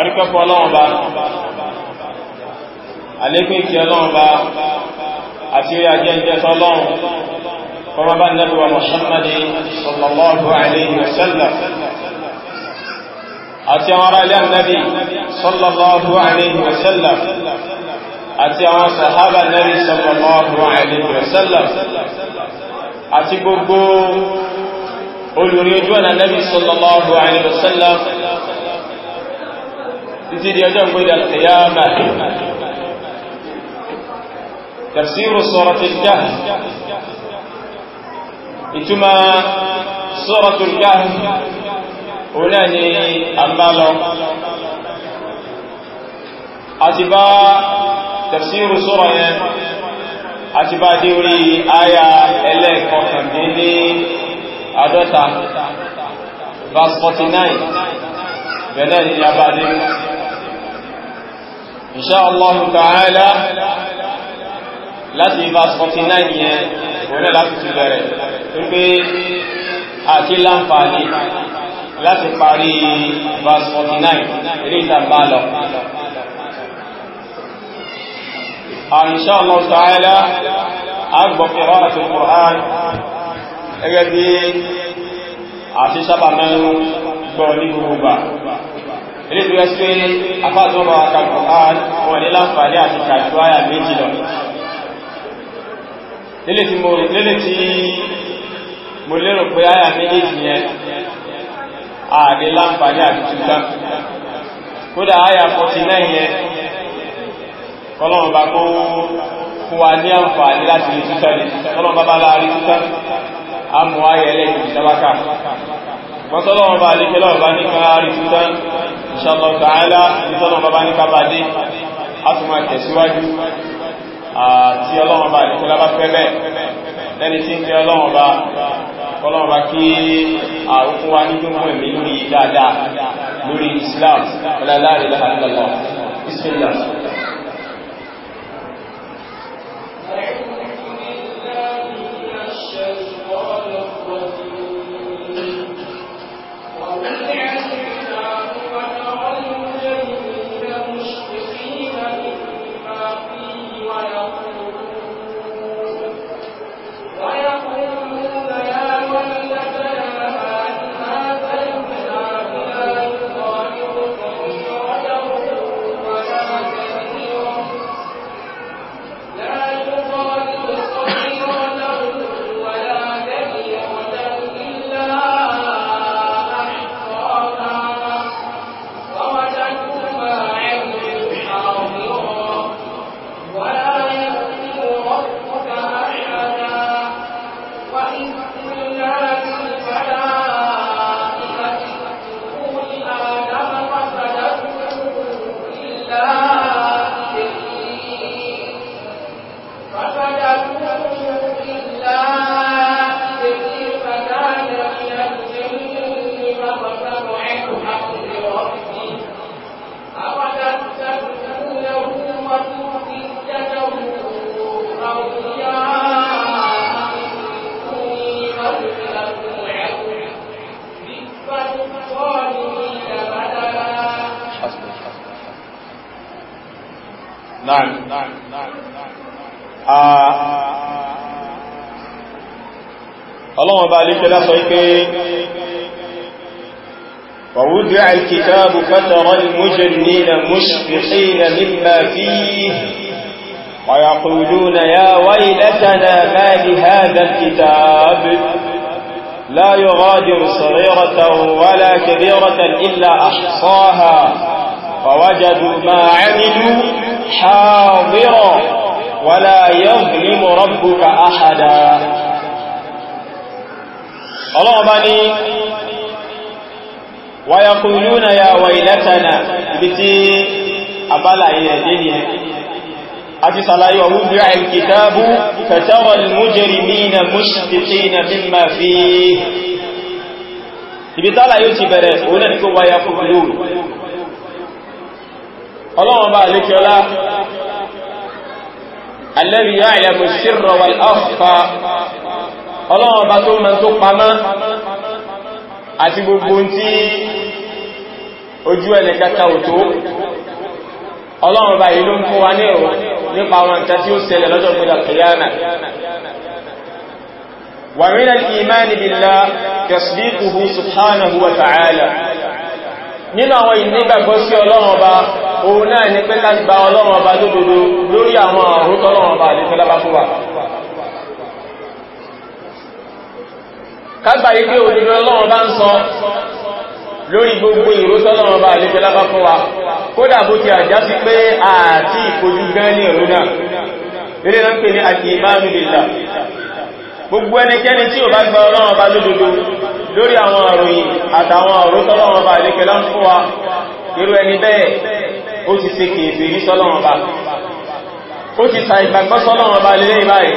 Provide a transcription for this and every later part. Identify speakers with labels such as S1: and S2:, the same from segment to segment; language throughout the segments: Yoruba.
S1: adúpẹ́pọ̀ ọlọ́run bá àlékún ìkẹ́ ọlọ́run bá
S2: àti rí ajẹ́ ìjẹ́ sọ́lọ́run kọmọ bá nẹ́bùwà mọ̀ṣánmàdé sallallahu alayhi wa sallam àti àwọn ará ilé ànẹ́bì sallallahu alayhi wa sallam àti àwọn sàhábà nẹ́bì sallallahu alayhi
S1: wa títí di ọjọ́ ìgbé ìdàkìyàmà
S2: tafsiru suratul Kahf
S1: ìtumà suratul Kahf
S2: òun náà ni a máa lọ àti bá tafsiru sura yẹn àti bá dé orí àyà ẹlẹ́ẹ̀kọkàndínlé àádọ́ta
S1: verse 49 bẹ̀rẹ̀ ni a bá dé
S2: insha Allah ta'ala láti verse 49 yẹn wọlé láti ti bẹ̀rẹ̀ wípé àti láǹfààní láti parí verse 49 eré ìtàbá lọ
S1: ان شاء الله تعالى اكبر قراءة القرآن
S2: اجدي عشي سبع من بولي بروبا ilé tó yẹ sí pé afáàtọ́ bá wàkà kọ̀án wọn ní láǹfààní àti kàjú àyà méjì lọ lélè tí
S1: mo lérò pé àyà méjì yẹn
S2: ààrẹ láǹfààní àti tùgbà kódà àyà 49 yẹn kọlọ́run bá kó fún wa ní àǹfààní láti lè títà lè kọlọ́run bá insha Allah ta'ala ìtọ́nà bàbá ní kábàdé a tún máa tẹ̀síwájú àti ọlọ́run bá ìfẹ́ lábá fẹ́ bẹ́ẹ̀ lẹ́ni tí ń fẹ́ ọlọ́run bá ọlọ́run bá kí àrùkún wa ní gbogbo ẹ̀mí lórí dáadáa lórí Islam ọlọ́láàrí
S1: láàrínlọ́lọ́ Bismillah وَمَنْ
S2: alékẹ́lá sọ pé ووضع الكتاب فترى المجنين مشفقين مما فيه ويقولون يا ويلتنا ما لهذا الكتاب لا يغادر صغيرة ولا كبيرة إلا أحصاها فوجدوا ما عملوا حاضرا ولا يظلم ربك أحدا ọlọ́wọ́ bá ní wayaquluna ya waylatana ibi tí abala ilẹ̀ dénìyàn àti sàlàyé ọ̀hún bí i kìtàbù fatawa al-mujrimina mushfiqina mimma fihi ibi tálà yóò ti bẹ̀rẹ̀ òun náà ní kó ọlọ́run ọba tó mọ̀ tó pamọ́ àti gbogbo tí ojú ẹnìkẹta ò tó
S1: ọlọ́run ọba yìí ló ń fún wa ní ẹ̀rọ nípa àwọn nǹkan tí ó ṣẹlẹ̀ lọ́jọ́
S2: ta'ala nínú àwọn ìnígbàgbọ́ sí ọlọ́run ọba òun náà ni pé ká gba ọlọ́run ọba lódodo lórí àwọn àrútọ́lọ́run ọba àdífẹ́lábá fún wa kágbà yí pé òdìdó ọlọ́run bá ń sọ
S1: lórí gbogbo ìrótọ́ ọlọ́run bá àlejò lábá fún wa kódà bó ti àjá sí pé àti ìkojú gan ní ọ̀rọ̀ náà eré náà pè ní àti ìmánu lèlà
S2: gbogbo ẹnikẹ́ni tí ò bá gba ọlọ́run bá lódodo lórí àwọn àròyìn àtàwọn òrótọ́ ọlọ́run bá àlejò lá fún wa irú ẹni bẹ́ẹ̀ ó ti ṣe kèèfèé ní sọ́lọ́run bá ó ti sa ìgbàgbọ́sọ́lọ́run bá lélẹ́ ìbáyìí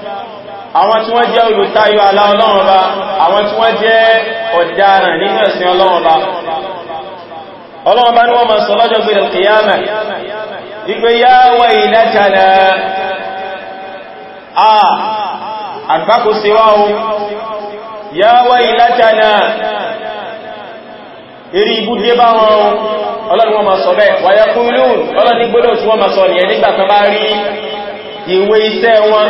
S1: àwọn tí wọ́n jẹ́ olùtayọ àlà Ọlọ́run àwọn tí wọ́n jẹ́ ọ̀daràn nínú ẹ̀sìn Ọlọ́run bá
S2: Ọlọ́run wọ́n ma sọ lọ́jọ́ gbẹ̀rẹ̀ kìyàmẹ̀ ipé yá wà na wọ́n ma sọ bẹ́ẹ̀ ìwé iṣẹ́ wọn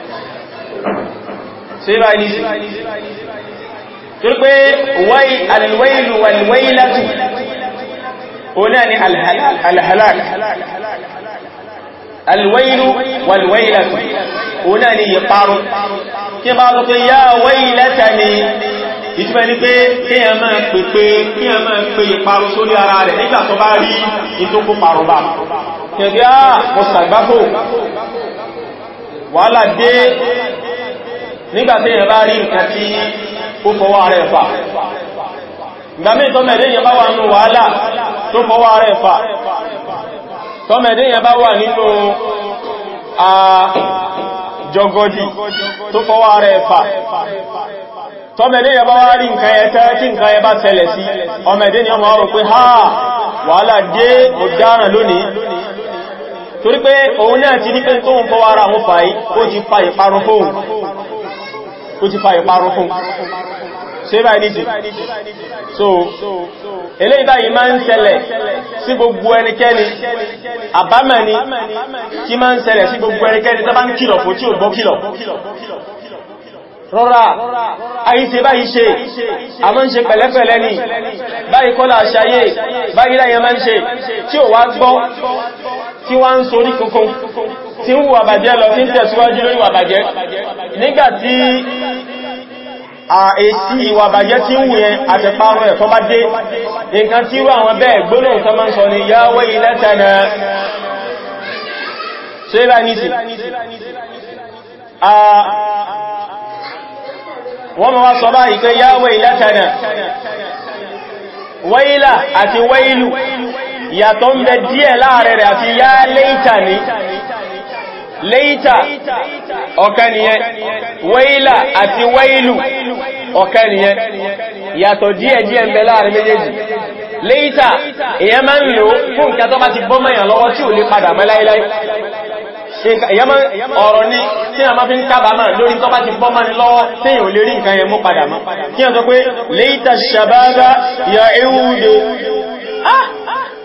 S2: ṣe bá ní sí torí pé alwailu walwailatu
S1: o náà ni alhalak
S2: alwailu walwailatu o náà ni ìparun kí bá rú pé yá wailata ni ìtumẹ̀ ní pé kí ẹ máa pè pé kí ẹ máa pè ìparun sórí ara rẹ̀ nígbà tó bá rí ìtókò parun bá kẹ̀kẹ́ àà ah, mọ̀sàgbáfò
S1: wàhálà dé nígbàtí èyàn bá rí nǹkan tí ó fọwọ́ rẹ̀ fà ìgbàmí tọ́mẹ̀dé bá wà nínú wàhálà tó fọwọ́ rẹ̀ fà tọ́mẹ̀dé bá wà nínú
S2: àjọgọ́dì tó fọwọ́ rẹ̀ fà tọ́mẹ̀dé bá wà rí nǹkan ẹ̀tẹ́ tí nǹkan tẹ̀lẹ̀ sí ni ọmọ o ti ara ti ó ti fa ìparun fún ṣébà níjì so eléyìí báyìí máa ń ṣẹlẹ̀ sí gbogbo ẹnikẹ́ni àbámẹ́ni tí máa ń ṣẹlẹ̀ sí gbogbo ẹnikẹ́ni tó bá ń kìlọ̀ fún tí ò gbọ́ kìlọ̀ rọ́rà àìṣe báyìí ṣe àmọ́ ń ṣe pẹ̀lẹ́pẹ̀lẹ́ ni báyìí kọ́lá ṣayé báyìí láyẹ máa ń ṣe tí ò wá gbọ́ tí wá ń sorí kankan tí ń wà bàjẹ́ lọ tí ń tẹ̀síwájú lórí wà bàjẹ́ nígbàtí èsì ìwà bàjẹ́ tí ń wùyẹn àtẹ̀párún ẹ̀kọ́ bá dé nǹkan tí wà wọn bẹ́ẹ̀ gbónà nǹkan máa ń sọ ni yáwẹ́ ilẹ́tẹ̀nà ṣẹ́lá nìsì wọ́n mọ́ wá sọ báyìí pé yáwẹ́ ilẹ́tẹ̀nà
S1: wẹ́ìlà àti wẹ́ìlù
S2: yàtọ̀ ń bẹ díẹ̀ láàrẹ̀ rẹ̀ àti yá lẹ́ìtà ní
S1: léítà ọ̀kanìyẹn wẹ́ílà àti wẹ́ílù ọ̀kanìyẹn
S2: yàtọ̀ díẹ̀ díẹ̀ ń bẹ láàrin méjèèjì
S1: léítà èyàn máa ń
S2: lò fún nǹkan tó bá ti bọ́ mẹ́yàn lọ́wọ́ tí ò lè padà mọ́ láíláí ọ̀rọ̀ ní tí a máa fi ń kábàámà lórí tó bá ti bọ́ mọ́ ni lọ́wọ́ tí ò lè rí nǹkan yẹn padà mọ́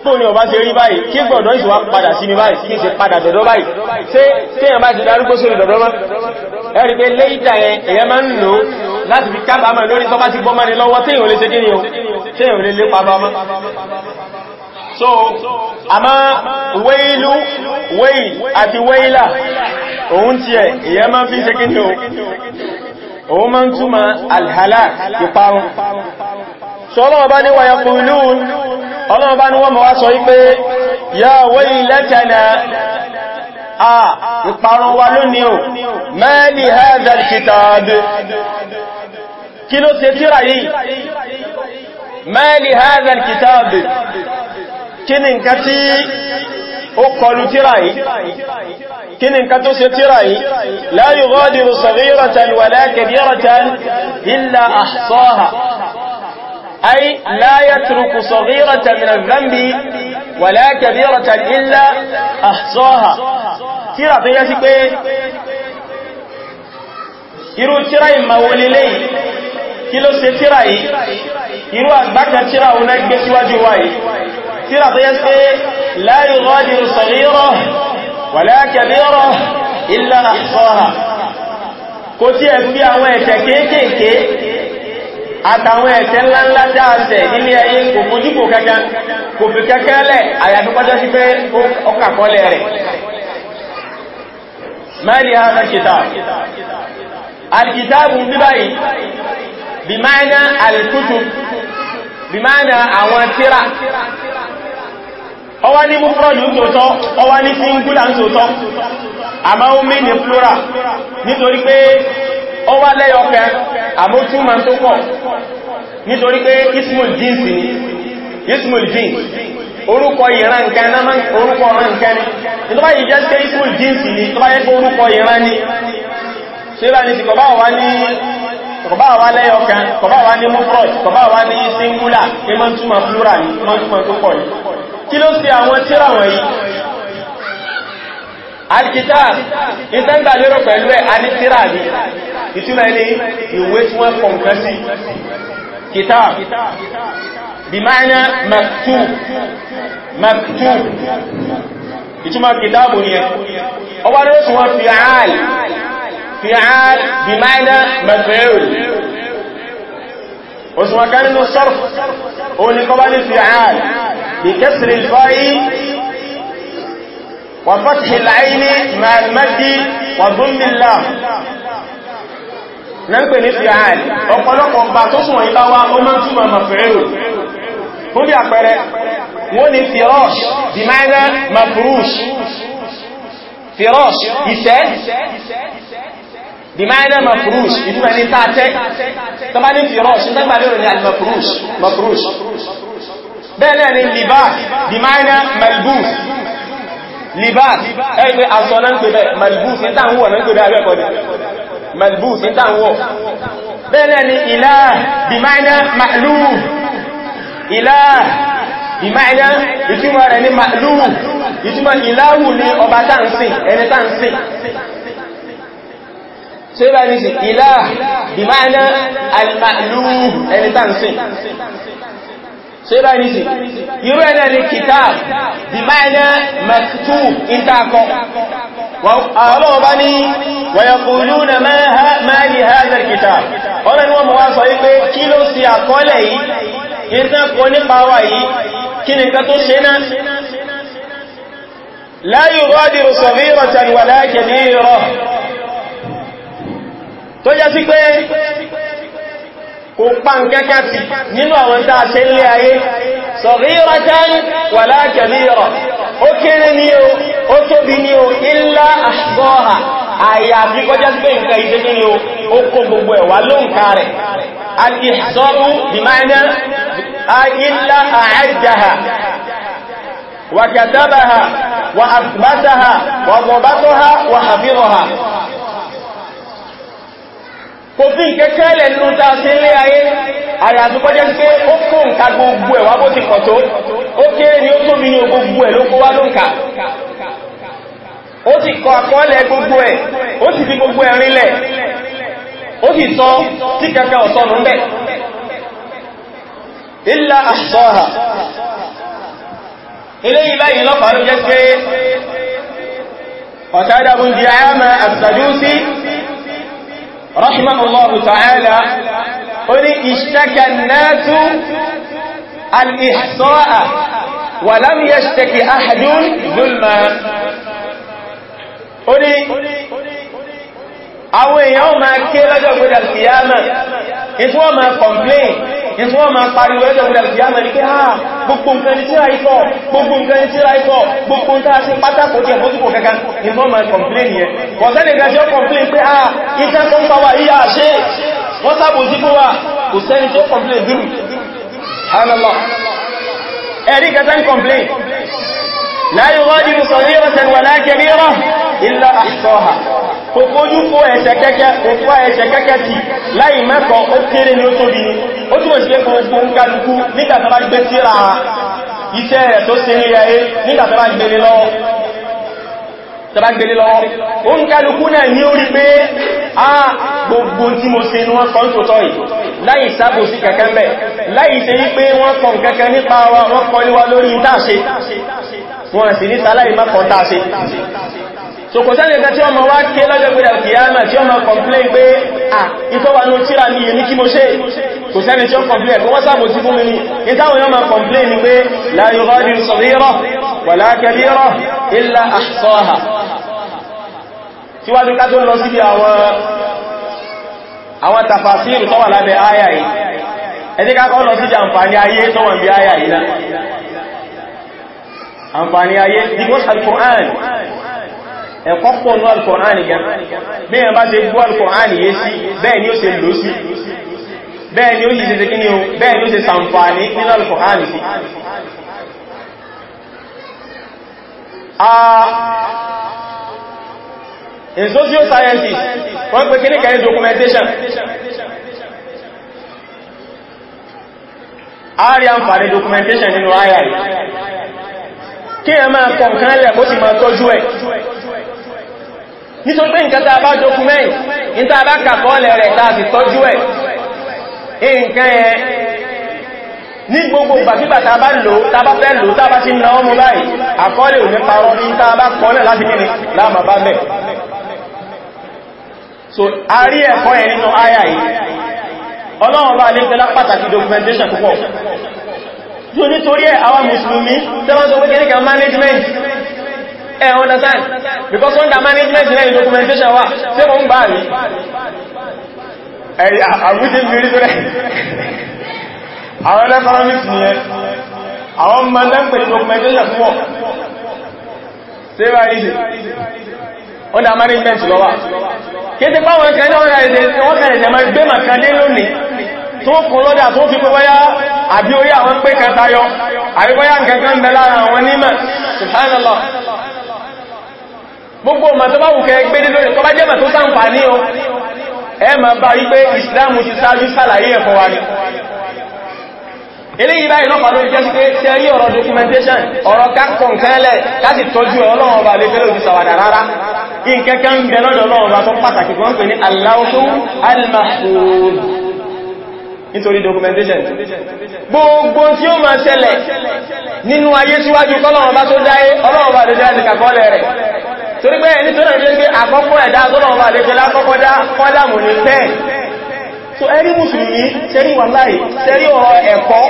S2: fóònù ọba ṣe rí báyìí kí gbọ̀dọ̀ ìṣòwà padà sí ní báyìí kí ṣe padà dọ̀dọ̀ báyìí ṣe téèyàn bá ti darúgbó sórí dọ̀dọ̀ mọ́ ẹ̀rí pé léìdà ẹ̀ èyàn máa ń lò láti fi kábàámọ̀ lórí tó ti gbọ́ lọ́wọ́ téèyàn lè o téèyàn lè lépa bá mọ́ so àmá wéìlú ni o ọlọ́run bá ní wọ́n mọ̀ wá sọ wípé yá waylatana à ìparun wa
S3: lónìí o mali hadha al-kitab
S2: kí ló ṣe tíra yìí mali hadha al
S3: kí ni nǹkan tí ó kọlu tíra yìí kí ni nǹkan tó ṣe tíra
S1: yìí la yughadiru saghiratan
S2: أي لا يترك صغيرة من الذنب ولا كبيرة إلا أحصاها ترى تياسي بي irú tíra ìmàwòlè lẹ́yìn kí ló ṣe tíra yìí irú àgbákan tíra òun náà gbé síwájú wáyé tíra tó yẹ́ sí la yughadiru saghira wala kabira illa ahsaha
S1: kò tí ẹ̀ fi àwọn ẹ̀ṣẹ̀ kéékèèké
S2: àtàwọn ẹ̀ṣẹ̀ ńláńlá dáàṣẹ̀ nílé ayé kò fojúkò kankan kò fi kankan lẹ̀ àyàdúkọjọ́ sí pé ọkàkọlẹ̀ rẹ̀ mẹ́rin hàn kitab
S1: alkitabu ní báyìí bí máìnà alkutub
S2: bí máìnà àwọn tíra ọwá ní múfrọ́dù tòótọ́ ọwá ní síngúlà tòótọ́ àmáhùn mí ní ó wá lẹ́yọkẹ àmótúnmà tó pọ̀ nítorí pé ismul jins ni ismul jeans. orúkọ ìran nǹkan náà orúkọ ọ̀ràn nǹkan ni nítorí yìí jẹ́ pé ismul jins ni tó bá yẹ pé orúkọ ìran ni ṣe bá ní ti kọ̀bá wà ní kọ̀bá wà lẹ́yọkẹ kọ̀bá wà ní mufrod kọ̀bá wà ní singular ní mọ́túnmà plural ní mọ́túnmà tó pọ̀ yìí kí ló ṣe àwọn tíra wọ̀nyí alkitab
S1: ìtẹ́gbà lérò pẹ̀lú ẹ̀ alìtírà ní ìtumọ̀ ẹni ìwé tí wọ́n kọ̀ nǹkan sí kitab bí máa ń maktub
S2: maktub ìtumọ̀ kìtàbù ni ẹ ọwọ́ ló tún wọ́n fi'al fi'al bí máa ń maf'ul òṣùwọ̀n kan nínú sarf
S3: وفتح العين مع المد وضم الله
S1: na ń pè ní fi'al ọ̀pọ̀lọpọ̀ ọba tó sùn ìbá wa ó máa ń túnmà maf'ul
S2: fún bí àpẹẹrẹ wọ́n ni firash di ma'na mafrush firash ìtẹ́
S1: di ma'na mafrush ìtumẹ̀ ní tààtẹ́ tọ́bá ní firash ní tàbí àdúrà ní al-mafrush
S2: bẹ́ẹ̀ náà ni libas di ma'na malbus libas ẹgbẹ́ aṣọ náà ń pè bẹ́ malbus ní táwọn náà ń pè bẹ́ abẹ́kọ́ ni malbus ní táwọn bẹ́ẹ̀ ni ilá bimáyá màlú ilá bimáyá ìtumọ̀ rẹ̀ ni màlú ìtumọ̀ ìláwù ni ọba táǹsìn ẹni táǹsìn ṣe bá ní sí ilá bimáyá alìmàlú ẹni táǹsìn sẹ́bà nìsí irú ẹ̀nà ni kitab
S1: bí máìnà maktub ìtàkọ
S2: ọlọ́wọ́ bá ní wayaquluna ma li hadha kitab ọ̀rọ̀ ni wọ́n mọ̀ wá sọ wípé kí ló sí àkọọ́lẹ̀ yìí ìtàn nípa wà yìí kí ni ká tó ṣe náà la yughadiru saghiratan wala kabira tó jẹ́ kò pa nkẹ́kẹ́ sí nínú àwọn tàà ṣe ń lé ayé saghiratan wala kabira ó kéré ní o ó tóbi ní o illa ahsaha àyà àti kọjá sí pé nǹkan ìṣẹ́ kí o ó kó gbogbo ẹ̀wà ló ń ká rẹ̀ àti ìṣọ́rú bima'na
S1: illa a'addaha
S2: wa katabaha wa wa dhabataha wa kò fi ìkẹ́kẹ́ ẹlẹ̀ nínú tàà sí ilé ayé àyàtúkọ́ jẹ́ pé ó kó nǹka gbogbo ẹ̀ wá bó ti kọ̀ tó ó kéré ni ó tóbi ní gbogbo ẹ̀ ló kó wá ló ó sì kọ àkọọ́lẹ̀ gbogbo ẹ̀ ó sì fi gbogbo ẹ̀ rinlẹ̀
S1: ó sì sọ tí kẹ́kẹ́ ọ̀sọ́ nù bẹ́
S2: ilá àṣọ́ha ilé ìbáyìí lọ́pàá ló jẹ́ pé ọ̀tá ìdàbùn di àyàmà àtàdúsí رحمه الله تعالى قل اشتكى الناس
S1: الإحصاء ولم يشتكي أحد ظلما قل
S2: àwọn يوم máa ké القيامة gbọ́dọ̀ kìyàmà ìfún ọmọ complain ìtí wọ́n máa pariwo ẹgbẹ̀ òwúrẹ̀ kìí àmà ní pé ha ah, gbogbo nǹkan ní tíra ikọ̀ gbogbo nǹkan ní tíra ikọ̀ gbogbo ń tàà sí pátákò tí ẹ̀mọ́ túnkò kankan ìtí wọ́n máa kọ̀m̀plẹ̀n yẹn kọ̀sẹ́lẹ̀ pé ah, ha kò kójú kó ẹ̀ṣẹ̀ kẹ́kẹ́ òkú ẹ̀ṣẹ̀ kẹ́kẹ́ ti láì mẹ́kọ̀ọ́ ó kéré ní ó tóbi ní ó túnmọ̀ sí pé gbogbo ń kálukú nígbàtàbá gbé síra iṣẹ́ rẹ̀ tó ṣe ní ayé nígbàtàbá gbélé lọ́wọ́ tàbá gbélé lọ́wọ́ ó ń kálukú náà ní orí pé a gbogbo tí mo ṣe ní wọ́n sọ ń tòótọ́ yìí láì sábò sí kẹ̀kẹ́ mẹ́ láì ṣe wípé wọ́n kọ kẹ́kẹ́ nípa wa wọ́n kọ lórí ìtàṣe
S1: wọ́n sì ní sáláì mọ́kàn tàṣe
S2: so kò sẹ́ni ẹ̀kẹ́ tí ọmọ wá ké lọ́jọ́ pé àkìyàmà tí ọmọ complain pé à ìtọ́wànú tíra ní èmi kí mo ṣe kò sẹ́ni tí ó complain kò wọ́n sáàbò sí fún mi ní ìtàwọn yọ́ ma complain pé la yughadiru saghira wala kabira illa ahsaha síwájú ká tó lọ síbi
S1: àwọn àǹfààní ayé tó wà al-Qur'an ẹ̀kọ́ pọ̀ ní alkùnránì gan bí ẹ bá ṣe gbọ́ alkùnránì yé sí bẹ́ẹ̀ ni ó ṣe lò sí
S2: bẹ́ẹ̀ ni ó yìí ṣe kí ni o bẹ́ẹ̀ ni ó ṣe sàǹfààní nínú alkùnránì sí in social sciences wọ́n pè kí ní kẹ́ documentation a rí àǹfààní documentation nínú ayà yìí kí ẹ máa kọ̀ǹkan lẹ̀ kó sì máa tọ́jú ẹ̀ nítorí pé nǹkan tàbá document ní tàbá kàkọọ́lẹ̀ rẹ̀ tàbí tọ́jú ẹ̀ nǹkan ẹ̀ ní gbogbo gbàgbígbà tàbá lò tàbá fẹ́ lò tàbá ti na ọmọ báyìí àkọọ́lẹ̀ ò nípa ọ̀rọ̀ ní tàbá kọ́lẹ̀ láti kíni láàmà bá mẹ́ so a rí ẹ̀kọ́ ẹ̀ nínú àyà yìí ọlọ́run bá lè fẹ́lá pàtàkì documentation púpọ̀ so nítorí ẹ̀ àwọn mùsùlùmí tẹ́wọ́n sọ
S1: management ẹ̀ eh, understand because under management lẹ́yìn documentation wà tí wọ́n ń bá rí ẹ̀rí àbújẹ́ ìrírí tó rẹ̀
S2: àwọn economics ni ẹ àwọn mọ́ndẹ́ pẹ̀lú documentation fún wọ́n tí wà rí
S1: under management lọ wà kéde páwọn ẹ̀kẹ́ náà rẹ̀ ẹ̀dẹ̀ wọ́n kẹ̀rẹ̀ jẹ̀mọ́ gbé màkàdé lónìí tó kún lọ́dà tó fi pẹ́ wáyá àbí orí àwọn pé kẹta yọ àríkọ́yá nǹkan kan bẹ lára àwọn onímọ̀ subhanallah
S2: gbogbo ọmọ tó bá wùkẹ́ gbélé lórí tó bá jẹ́ sáǹfà ní ọ ẹ ma bá rí pé ìsìláàmù ti sáájú sàlàyé ẹ̀kọ́ wa ní eléyìí báyìí lọ́pàá lórí jẹ́ pé tí a rí ọ̀rọ̀ documentation ọ̀rọ̀ kákọ̀ nkẹ́lẹ̀ láti tọ́jú ọba lè fẹ́lẹ̀ òjú sàwàdà nítorí documentation gbogbo tí ó máa ṣẹlẹ̀ nínú ayé síwájú kọ́lọ́run ọba tó dáyé ọlọ́run ọba lè jẹ́ torí pé ẹni tó náà jẹ́ pé àkọ́kọ́ ẹ̀dá tọ́lọ̀wọ́ àlejẹ́lá kọ́kọ́ dá kọ́lámù ní pẹ́ so
S3: ẹni mùsùlùmí sẹ́rí wà láì sẹ́rí ọ̀rọ̀ ẹ̀kọ́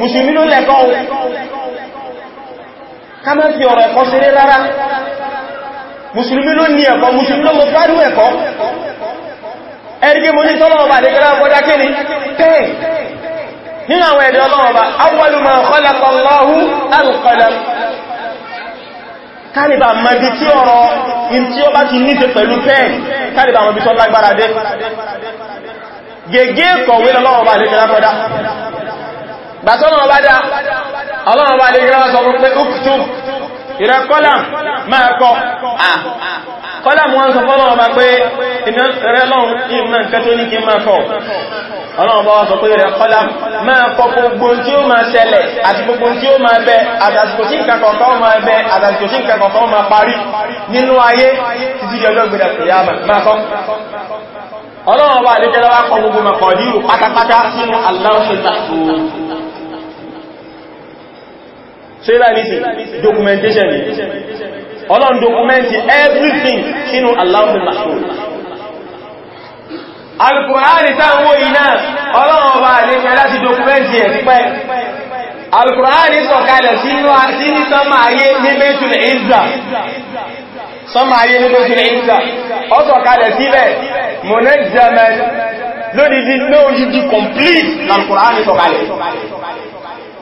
S3: mùsùlùmí ló lẹ́kọ́
S1: ká má fi ọ̀rọ̀ ẹ̀kọ́ ṣeré rárá mùsùlùmí ló ní ẹ̀kọ́ mùsùlùmí ló mọ́ fárú ẹ̀kọ́ ẹ̀rí mo ní tọ́lọ̀wọ́ àlejẹ́lá
S2: kálìbà mọ́bí tí ọ̀rọ̀ in tí ó bá ti níṣe pẹ̀lú pẹ́ẹ̀n kálìbà mọ́bí tó lágbára dé gẹ́gẹ́ kọ̀wé lọ́wọ́ bá
S1: ìrẹ kọ́làm máa kọ́
S2: kọ́làm wọn sọ fọ́lọ́ ọba pé ìrẹ lọ́run ìmọ̀ nǹkan tó ní kí máa kọ́ ọlọ́run bá sọ pé ìrẹ kọ́làm máa kọ́ gbogbo tí ó máa ṣẹlẹ̀ àti gbogbo tí ó máa bẹ àdàsìkò tí nǹkan máa bẹ àdàsìkò sílá ní sí documentation ni ọlọ́run documenti everything sínú Allahul Mahfuz alkùnrin táwọn iná ọlọ́run
S1: ọba àdékẹ́ láti documenti ẹ̀pẹ́ alkùnrin sọ̀kalẹ̀ sínú àti ní sánmà ayé ní bẹ́tùlẹ̀ ìzà sánmà ayé ní bẹ́tùlẹ̀ ìzà
S2: ọ sọ̀kalẹ̀ síbẹ̀ mọ̀nẹ́jẹ̀mẹ̀ lónìí lóòyìí complete alkùnrin sọ̀kalẹ̀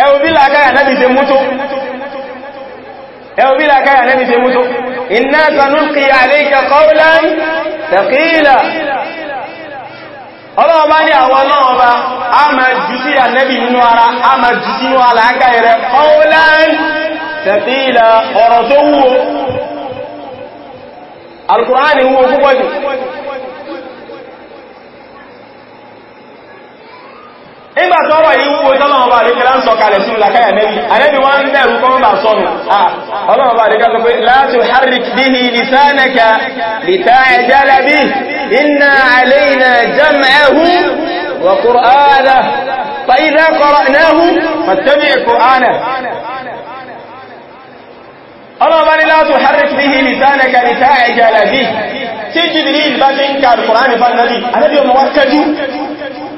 S1: ẹwọ bí làkáyà náà ti mútó
S2: ẹwọ bí làkáyà náà ti mútó inna sanulqi alayka qawlan
S1: thaqila
S2: ọlọ́ọ̀bá ní àwọn náà bá a máa jù sí ànẹ́bì nínú ara a máa jù sínú àlàákà rẹ̀ qawlan thaqila ọ̀rọ̀ tó wúwo alkùránì wúwo púpọ̀ jù nígbà tọ́rọ̀ yìí wúwo tọ́lọ́mọba àríkẹ́lá ń sọ̀kalẹ̀ sínú làkáyà nẹ́bí ànẹ́bí wọ́n ń bẹ̀rù kọ́ bà sọ́nù ọlọ́mọba àríkẹ́ sọ pé la tuharrik bihi lisanaka
S3: lita'jala
S2: bihi inna alayna jam'ahu wa qur'anahu fa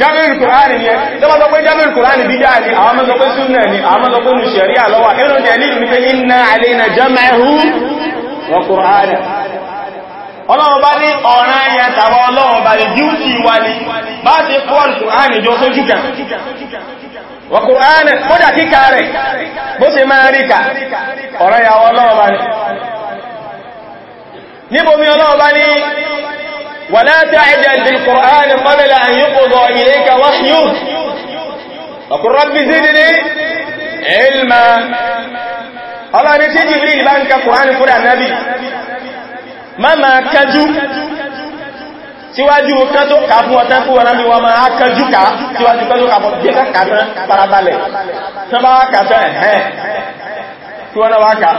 S2: jamilu kur'ani yẹn lọ́wọ́ pé jábẹ̀rù kur'ani bí dáa ní àwọn mọ́sọ pé súnnà àwọn mọ́sọ pé nùsẹ̀rí àlọ́wà ẹ̀rùn jẹ́ nílùú pé iná àlẹ́nà jẹ́mẹ̀hú
S1: wa ní kódà kíkà rẹ̀ bó ṣe
S2: ولا تعجل بالقرآن قبل أن يقضى إليك وحيه فقل رب زدني
S1: علما الله نسي جبريل بانك قرآن قرآن نبي
S2: ما ما كجو síwájú kan tó kà fún ọ̀tán fún ọ̀nà wọ́n máa kánjú ká síwájú kan tó kà fún ọ̀tán fún ọ̀tán farabalẹ̀ tán bá kàtán ẹ̀hẹ́ kí wọ́n náà wá ká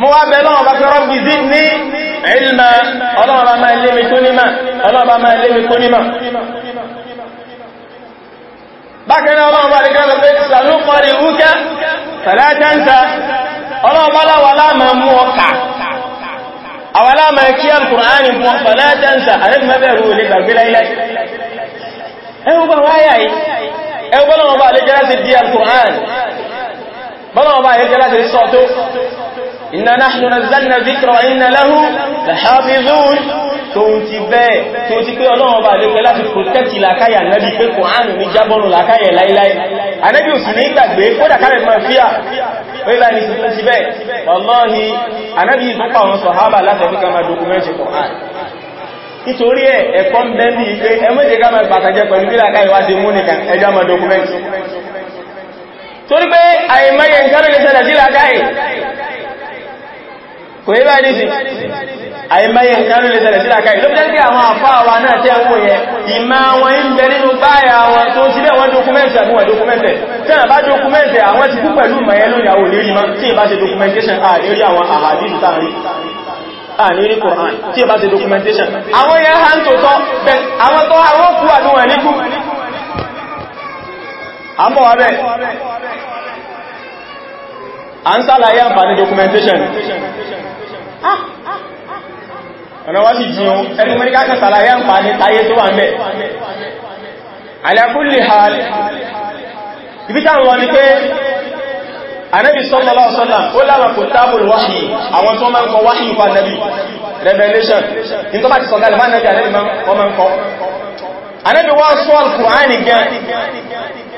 S2: mo wá bẹ̀ lọ́wọ́ bá fẹ́ rọ́bì dí ní ìlmà ọlọ́ọ̀bá máa lé mi tó nímà
S3: ọlọ́ọ̀bá máa lé mi tó nímà
S2: bákanáà ọlọ́ọ̀bá lè kẹ́lọ pé sàlúkọrí úkẹ́ sàlátẹ́ńtà
S1: ọlọ́ọ̀bá láwà láàmà mú ọkà
S2: àwà láàmà kí alkùnrin fún sàlátẹ́ńtà àrẹ́fẹ́bẹ̀rù lè gbàgbé láìláì
S1: ẹwọ́ bá wáyà
S2: bọ́lọ̀wọ́ bá yẹ́kẹ́ láti sọ tó inna nahnu nazzalna dhikra wa inna lahu lahafizun tó ń ti bẹ́ẹ̀ tí ó ti pé ọlọ́wọ́ bá yẹ́kẹ́ láti protect làkáyà nẹ́bí pé kò ánù ní jábọ́nù làkáyà láíláí anẹ́bí ò sì ní gbàgbé ó dàkárẹ̀ máa fíà orílẹ̀ ní sísun ti bẹ́ẹ̀ wallahi anẹ́bí torí pé àìmọ́yẹ nǹkan lè ṣẹlẹ̀ sí làkáyì kò
S3: yí báyìí sí àìmọ́yẹ nǹkan lè ṣẹlẹ̀ sí làkáyì ló jẹ́ àwọn àfáàwà náà tẹ́ ń wòye ìmá wọn ń bẹ nínú báyà wọn tó ti lẹ́ wọn
S2: dókúmẹ́ntì àbí wọn dókúmẹ́ntì tí a bá dókúmẹ́ntì àwọn ti kú pẹ̀lú mọ̀ ẹlú ìyàwó lérí mọ́ tí ìbá ṣe documentation àìrí àwọn àhàdìsì táàrí àìrí Kùránì tí ìbá ṣe documentation àwọn yẹn ha ń tòótọ́ àwọn tó àwọn kú àbí wọn níkú a ń bọ̀ wá bẹ́ẹ̀
S1: a ń àǹfàní documentation ọ̀nà wá sí jíun ẹni mẹ́ríkà kan sàlàyé àǹfàní táyé tó wà ń bẹ̀
S2: ala kulli hal ibi táwọn wọn ni pé Ànábì sallallahu alaihi wasallam ó láwọn kò tábùl wáhì àwọn tó máa ń kọ wáhì fún Ànábì revelation ní tó bá ti sọ̀gálẹ̀ máa nẹ́bí Ànábì máa ń kọ Ànábì wá Al-Qur'ani gan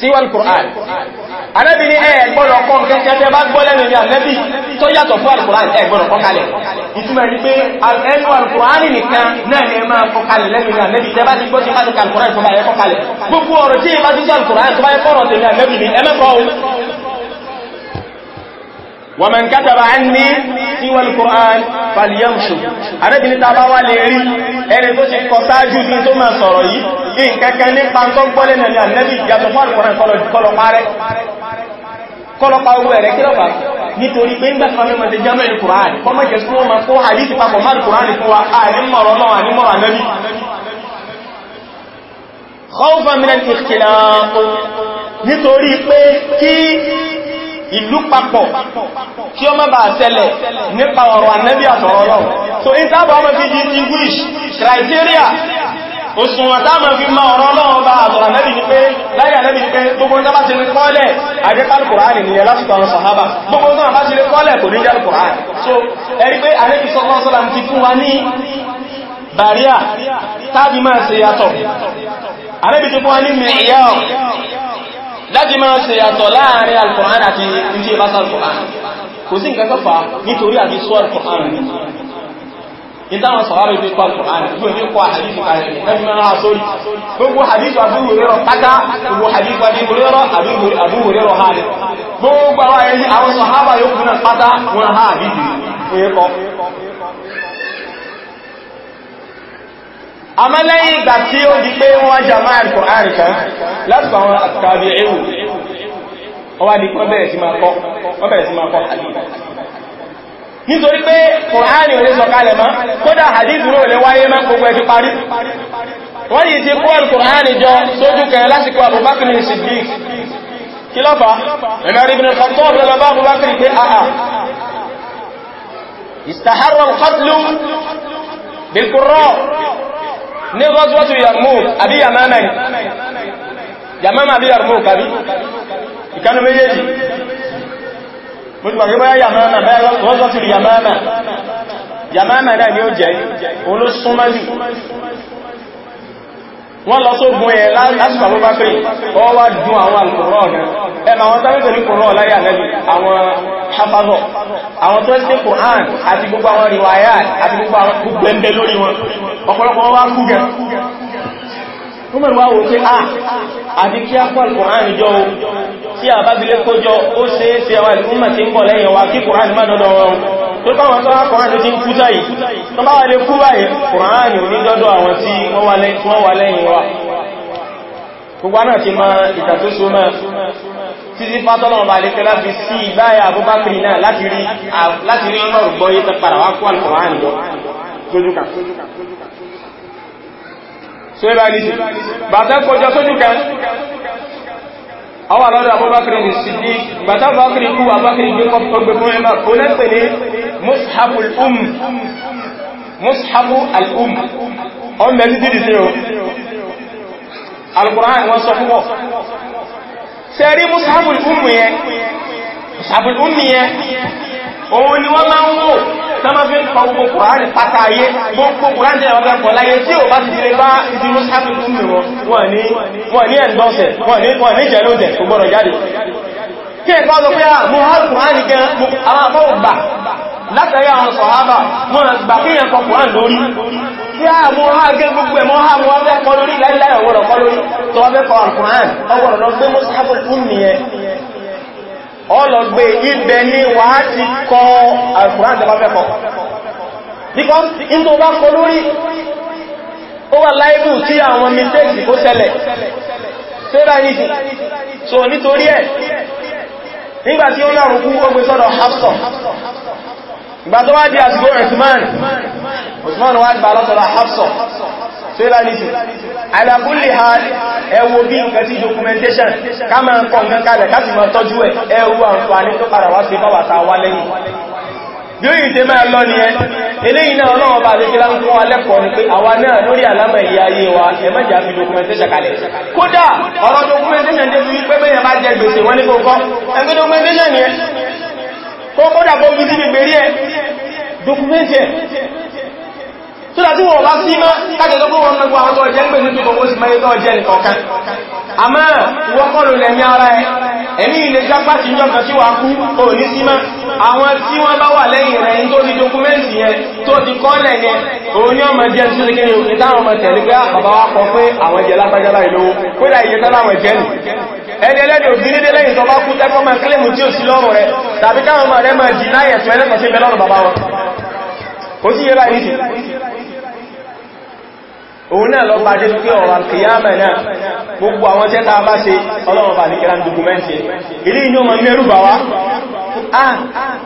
S2: síwọ́n kùrán Ànábì ní ẹ gbọ́dọ̀ kọ́ nǹkan tí ẹ bá gbọ́ lẹ́nu ní Ànábì tó yàtọ̀ fún alkùrán ẹ gbọ́dọ̀ kọ́ kalẹ̀ ìtumọ̀ ní pé ẹnu alkùrán nìkan náà ni ẹ máa lẹ́nu ní Ànábì tẹ́ ti gbọ́ ومن كتب عني سوى القرآن فليمشو Ànábì ní tá bá wá lè rí ẹni tó ṣe kọ sáájú bí tó máa sọ̀rọ̀ yìí nǹkankan nípa tó gbọ́lẹ̀ náà ni Ànábì yàtọ̀ fún Al-Qur'an kọlọ parẹ́ kọlọ pa owó ẹ̀rẹ́ kí lọ́pàá nítorí pé ńgbà kan mẹ́mọ̀ sí jámẹ́ Al-Qur'an kọ́ mọ́ jẹ́ sí wọ́n nítorí pé kí ìlú papọ̀ kí ọmọ bá ṣẹlẹ̀ nípa ọ̀rọ̀ ànẹ́bí àtọ̀rọ̀ lọ so in tábà ọmọ fi distinguish criteria òṣùnwọ̀n táàmà fi ma ọ̀rọ̀ lọ́wọ́ bá àtọ̀rọ̀ ànẹ́bí ní pé láyé ànẹ́bí ní pé gbogbo ń tábà ti lè kọ́lẹ̀ àjẹ́pàl kùránì ní ẹlásìkò àwọn sàhábà gbogbo ń tábà so ẹ̀rí pé ànẹ́bí sọ́kọ́sọ́lá ti fún wa ní bàríà
S3: tábì máa ṣe yàtọ̀
S1: láti máa ṣe yàtọ̀ láàrin alkùnrin àti
S2: ìjẹ́ ìbáṣà alkùnrin kò sí nǹkan kọfà nítorí àti sọ alkùnrin ìtàwọn sọ̀rọ̀ ìfẹ́ pa alkùnrin ìlú ẹ̀mí kọ àdífù kàrẹ̀ ẹ̀mí máa sórí gbogbo àdífù àbúrò rẹ̀ pátá gbogbo àdífù àbúrò rẹ̀ àbúrò rẹ̀ ha rẹ̀ gbogbo àwọn ẹni àwọn sọ̀hábà yóò kúnnà pátá wọn ha àbíjì ẹ̀kọ́ àmẹ́lẹ́yìn ìgbà tí ó di pé wọ́n jàmá ẹ̀kọ̀ àríkà lásìkò àwọn àtàbí ewu wọ́n wá di pé wọ́n bẹ̀rẹ̀ sí máa kọ́
S1: nítorí pé kòránì ò lè sọ̀kalẹ̀ mọ́ kódà hadith ló lè wáyé mọ́ gbogbo ẹ̀ ti parí wọ́n yìí ti kó alkùránì jọ sójú kẹrẹ lásìkò Abubakar Siddiq
S2: kí lọ́fà ẹ̀mẹ́rin ibn al-Khattab lọ́lọ́bá Abubakar pé àà istaharra al-qatlu bil ní gọ́sùwọ́tù Yarmouk àbí yamama ni
S1: yamama àbí Yarmouk àbí
S2: ìkanu méjèèjì mọ́sùgbàgbé báyá yamama báyá gọ́sùwọ́tù yamama yamama náà ni ó jẹ́ olóṣùnmájú wọ́n lọ sógun ẹ̀ lásìkò àwọn bá pẹ̀lú wọ́n wá dún àwọn alùpùrọ̀ ọ̀gá ẹ̀mà àwọn tàbíkò ní kòrò ọ̀láyà lẹ́bí àwọn hafazọ́ àwọn tó ń tẹ́ Kùránì àti gbogbo àwọn rìwáyà àti gbogbo àwọn gbẹ̀mbẹ̀ lórí wọn ọ̀pọ̀lọpọ̀ wọ́n wá kú gẹ̀ Umar wá wò pé a ah,
S1: àti kí a kọ́ Kùránì jọ o
S2: tí a bá bilé kójọ ó ṣeé ṣe àwọn ìlú mọ̀ tí ń bọ̀ lẹ́yìn wa kí Kùránì má dọ́dọ̀ wọn tó báwọn tó rákọ̀ láti tí ń kú jáyì tó bá wà lè kú báyìí kùránì ò ní lọ́dọ̀ àwọn tí wọ́n wà lẹ́yìn wa gbogbo náà ti mọ ìtàtóso mọ́ títí fátọ́lọ́wọ́ bá lè tẹ́lá fi sí ìgbáyà Abubakar náà láti rí ọ̀rọ̀ gbọ́ yí tẹ́pàdà wá kú alùkùránì lọ tójúkà
S3: so ẹbà ní bàtẹ́ kọjọ sójúkà àwọn alọ́dọ̀ abúbákiri ní sídí bàtà bákiri kú abákiri gbé ọgbẹ̀ fún ẹmà um. kó lẹ́pẹ̀ ní
S2: mushabu al'um ọmọ ẹni dìdì sí o alkùnrin wọn sọ púpọ̀ sẹ́rí mushabu al'um yẹn òun ni wọ́n máa ń wò tọ́mọ́ fi ń kọ gbogbo kùránì pátá ayé gbogbo kùránì àwọn akẹ́kọ̀ọ́ láyé tí ò bá ti lè bá ibi mú sáfì fún mi wọn ní ẹ̀ndọ́sẹ̀ wọn ní jẹ́lóòdẹ̀ kò gbọ́dọ̀ jáde kí ẹ̀kọ́ sọ pé ah, mú hàn kùránì gan àwọn afọ́wò gbà látàrí àwọn sọ̀hábà wọn gbà kí yẹn kọ kùránì lórí
S3: tí a ah, mú ha gẹ́ gbogbo ẹ̀mọ́ ha mú ọgbẹ́ kọ lórí láìláì ọgbọ̀dọ̀ kọ lórí
S2: tó wọ́n fẹ́ kọ àkùránì ọgbọ̀dọ̀ lọ gbé mú sáfì fún mi yẹn ọlọ́gbé ibẹ̀ ni wà á ti kọ Al-Qur'an because tó bá kọ lórí ó wà láìbù àwọn mistakes kó ṣẹlẹ̀ sẹ́rà nìsì so nítorí ẹ̀ nígbàtí ó lárùkú ogbé sọ́dọ̀ Hafsa ìgbà ṣe lánìtì alákúnlè ha ẹwọ bí nǹkan tí documentation ká máa ń kọ nǹkan kalẹ̀ káti máa tọ́jú ẹ̀ ẹwọ àǹfààní tó padà wá sí báwàta wá lẹ́yìn bí ó yìí tẹ máa lọ ní ẹ eléyìí náà ọlọ́wọ́ bá lè kílá ń fún alẹ́kọ̀ọ́ ni pé àwa náà lórí àlámà ìyá ayé wa ẹmẹ́jà fi documentation kalẹ̀ kódà ọ̀rọ̀ documentation jẹ́ fi wípé bẹ́yẹn bá jẹ gbèsè wọ́n ní kò kọ́ ẹgbẹ́ documentation yẹn kó kódà bó bí sí gbèrí
S1: tó dá tí wọ́n bá sí máa kájẹ̀lọ́ kó wọn gbogbo àwọn tó jẹ́ ń pè ní tó kó sí máa tó jẹ́ nìkọ̀ọ̀kan
S2: àmá ìwọ́n kọ́ lò lẹ́mí ara ẹ ẹ̀mí ilé jápá ti yọ́ kan o ní sí máa àwọn tí wọ́n bá wà lẹ́yìn rẹ̀ tó ti dọkumẹ́ntì yẹn tó ti kọ́lẹ̀ yẹn òun ni ọmọ jẹ́ sí kí ni táwọn ọmọ tẹ̀lé pé àbàbà ah, wá kọ pé àwọn jẹ́ lápájálá ìlówó kódà ìyẹ́ tánàwọn jẹ́ nì ẹni ẹlẹ́dẹ̀ òbí nílé lẹ́yìn tó bá kú tẹ́kọ́ máa kílẹ̀mù tí ò sí lọ́rùn rẹ̀ tàbí káwọn ọmọ rẹ̀ máa jì náà ẹ̀sùn ẹlẹ́kọ̀ọ́sí bẹ́lọ́rùn bàbá wọn kò sí yẹ́ láìsí òun náà lọ bá jésù pé ọ̀rọ̀ alkiyama náà gbogbo àwọn tẹ́ ta bá ṣe ọlọ́wọ̀n bá ní kíra ń dokumenti ilé inú ọmọ mẹ́rù bà wá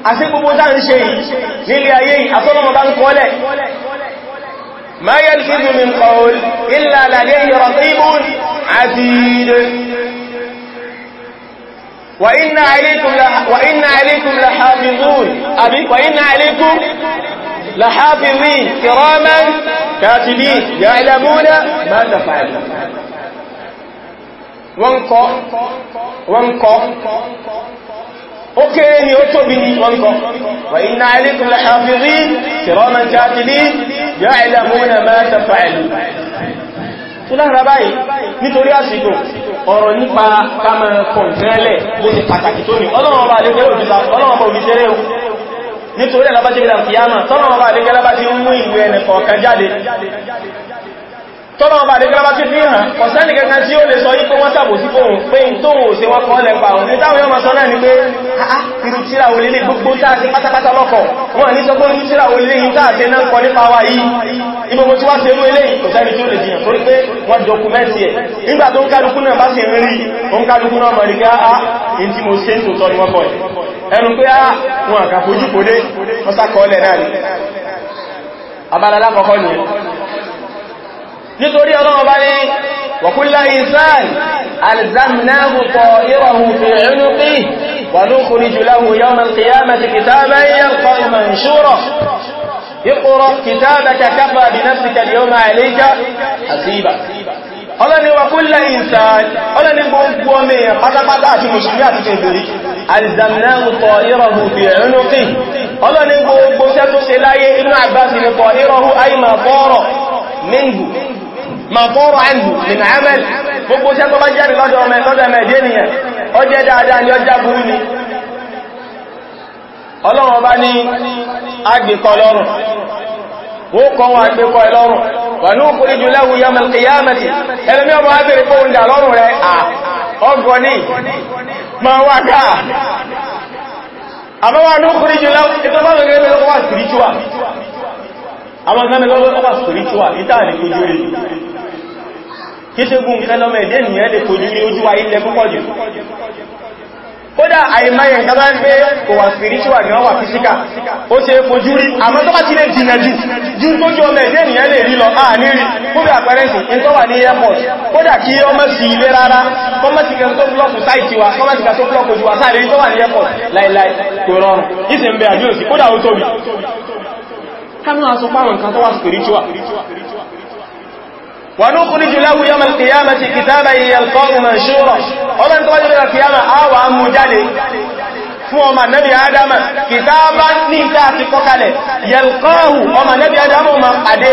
S3: àti gbogbo tá ń ṣe yìí
S1: nílé ayé yìí àtọ́lọ́wọ̀n bá ń kọ́lẹ̀
S2: ma yalfizu min لحافظين كراما كاتبين يعلمون ما تفعل wọ́n kọ́ wọ́n kọ́ ó kéré ni ó tóbi ní wọ́n kọ́ wà iná alékùn láhàfírí kìrọ́mà játìlì yá ìlàmúnà máa tàfàìlú tó lára báyìí nítorí àsìkò ọ̀rọ̀ nípa kámẹ́rẹ̀ kọ̀ǹtẹ́lẹ̀ ló ti pàtàkì tó ní ọlọ́run ọba nítorí ẹ̀lábájẹ́ ìlàkìyàmà tọ́nà ọba àdékẹ́lábá ti ń mú ìwé ẹnìkọ̀ọ̀kan jáde tọ́lọ̀ ọba àdékọ́lá bá ti fi hàn ọ̀sẹ́nì kẹta tí ó lè sọ yípo wọ́n sàbò sí fóòrùn pé ń tó wò sí wọ́n kọ́ lẹ́pa wọn ní táwọn yọ́mọ̀ sọ náà ni pé àá irú tíra olílé gbogbo táàtí pátápátá lọ́kọ̀ wọ́n ní sọ pé irú tíra olílé yìí táàtí náà kọ nípa wa yìí ibogbo tí wá ṣe irú eléyìí kò sẹ́ni tí ó lè jìyàn torí pé wọ́n dọkumẹ́ntì ẹ̀ nígbà tó ń kálukú náà bá ṣe ń rí ó ń kálukú náà mọ̀rí ká á èyí tí mo ṣe ń tòótọ́ ni wọ́n bọ̀ ẹnu pé á wọn àkàfojú kò dé wọ́n kọ́ ọlẹ̀ náà ni abala lákọ̀ọ́kọ́ nìyẹn nítorí ọlọ́wọ́ bá ní wàkúlá ìsáàn alzamnahu ta'irahu fi 'unuqihi wa nukhriju lahu yawma al-qiyamati kitaban yalqahu manshura iqra kitabaka kafa bi nafsika al-yawma 'alayka hasiba ọlọ́ni wàkúlá ìsáàn ọlọ́ni gbogbo ọmọ èèyàn pátápátá àti mùsùlùmí àti tẹ̀gbèrè alzamnahu ta'irahu fi 'unuqihi ọlọ́ni gbogbo tẹ́ tó ṣe láyé inú àgbà sí ni ta'irahu ayma ma tọ́rọ ẹ̀lù min gbogbo iṣẹ́ tó bá jáde lọ́dọ̀ ọmọ ẹ̀lọ́dọ̀ na nìyàn ó dáadáa ni ó burú ni
S1: ọlọ́run bani ní
S2: agbèkọ lọ́rùn ó kọ́ wọn agbèkọ lọ́rùn wà ní òkúrí ya lẹ́wù yọmọ
S1: àwọn ìgbẹ́mẹ́ lọ́wọ́ spiritual ìta lè kojú rí
S2: kí ṣe gún kẹlọmẹ̀ ìdẹ́ nìyẹn lè kojú rí ojú ayílẹ̀ púpọ̀ jù kódà àìmáyẹ̀ ìgbàbá ń gbé kò spiritual gan wà fíṣíkà ó ṣe fojú rí àmọ́ tó bá ti lè jìnà jù jù tó jọ ọmọ ẹ̀dẹ́ ènìyàn lè rí lọ àní rí kódà àpẹrẹsì in tó wà ní airport kódà kí ọmọ sí ilé rárá kọmọ́síkà tó blọ́kù sáìtì wa kọmọ́síkà tó blọ́kù ojú wa sáàrí tó wà ní
S1: kámọ́ sọ páwọn nǹkan tó wà spiritual
S2: wà ní kúrò jù láwù yọ́mà kìyàmà ti kìtàbà ìyẹ̀lkọ́ ìmọ̀ṣúrọ̀ ọlọ́n tó wájú lọ́la kìyàmà àwà mú jáde fún ọmọ nẹ́bí adama kìtàbà ní ìta àti kọkalẹ̀ yẹ̀lkọ́hù ọmọ nẹ́bí adama ma pàdé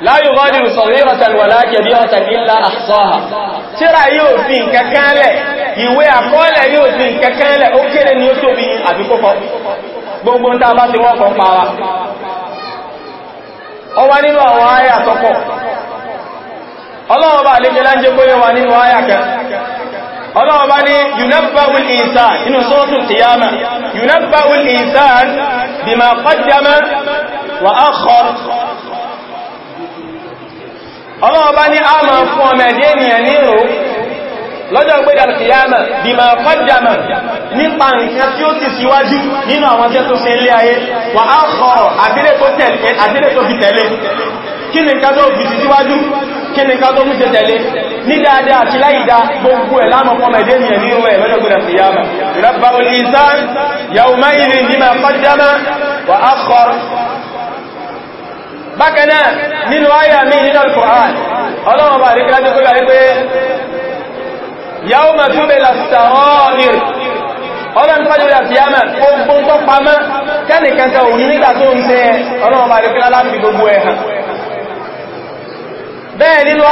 S2: la yughadiru saghiratan wala kabiratan illa ahsaha tíra yóò fi nǹkankan lẹ̀ ìwé àkọọ́lẹ̀ yóò fi nǹkankan lẹ̀ ó kéré ni ó tóbi àbíkókọ gbogbo ń tàbá ti wọ́n kan pàwà ọwá nínú àwọn ayà tọ́pọ̀ ọlọ́wọ́ bá àlejẹ́ láńjẹ́ kóyẹ wà nínú ayà kẹ ọlọ́wọ́ bá
S1: ọlọ́wọ́ bá ní àmà fún ọmọ ẹ̀dẹ́ ènìyàn ní ìrò
S2: lọ́jọ́ pé dàkìyàmà bí ma fọ́dàmà nípa nǹkan tí ó ti síwájú nínú àwọn jẹ́ tó ṣe ilé ayé wà á kọ̀rọ̀ àdílé tó fi tẹ̀lé kí ni ká tó fi síwájú kí ni ká tó fi ṣe tẹ̀lé ní dáadáa àti láìdá gbogbo ẹ̀ ní ìrò ẹ̀ lọ́jọ́ pé dàkìyàmà bákanáà nínú àyà mi nínú al-Qur'an ọlọ́wọ́ bá ríkà tó kúrò wípé yàó ma túnbẹ̀ lásàrọ́ọ̀lìr
S1: ọlọ́n pàdé àti yàmà gbogbo tó pamọ́ kẹ́nìkẹta òní nígbà tó ń tẹ́ ọlọ́wọ́ bá ríkà láti gbogbo ẹ̀hà
S2: bẹ́ẹ̀ nínú